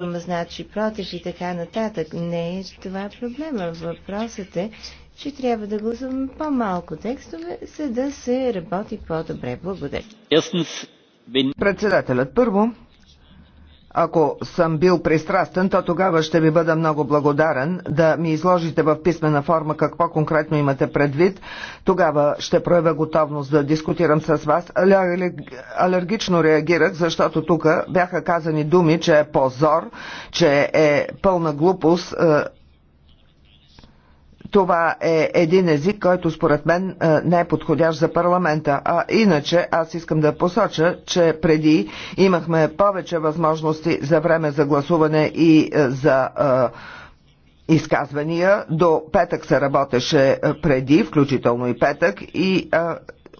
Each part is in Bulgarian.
значи против и така нататък. Не е това е проблема. Въпросът е, че трябва да гласуваме по-малко текстове, за да се работи по-добре. Благодаря. Председателят първо ако съм бил пристрастен, то тогава ще ви бъда много благодарен да ми изложите в писмена форма какво конкретно имате предвид. Тогава ще проявя готовност да дискутирам с вас. Алергично реагирах, защото тук бяха казани думи, че е позор, че е пълна глупост е, това е един език, който според мен е, не е подходящ за парламента. А иначе аз искам да посоча, че преди имахме повече възможности за време за гласуване и е, за е, изказвания. До петък се работеше преди, включително и петък, и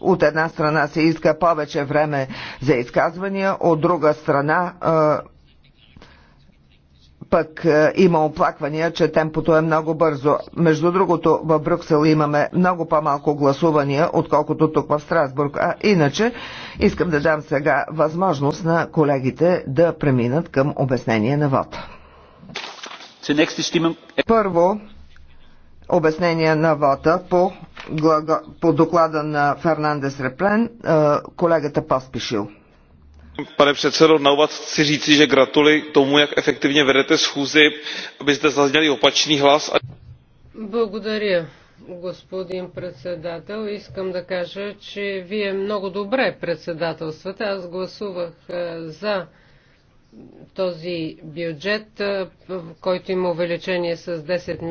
от една страна се иска повече време за изказвания, от друга страна пък е, има оплаквания, че темпото е много бързо. Между другото, в Брюксел имаме много по-малко гласувания, отколкото тук в Страсбург. А иначе, искам да дам сега възможност на колегите да преминат към обяснение на вод. Първо, обяснение на вода по, по доклада на Фернандес Реплен, е, колегата Поспишил pane předsedající na úvod chci říci že gratuluji k tomu jak efektivně vedete schůzi aby zde zazněl i opačný hlas. Благодаря, господин председател. Искам да кажа, че вие много добре председателствате. Аз гласувах е, за този бюджет, е, който има увеличение с 10 милиона.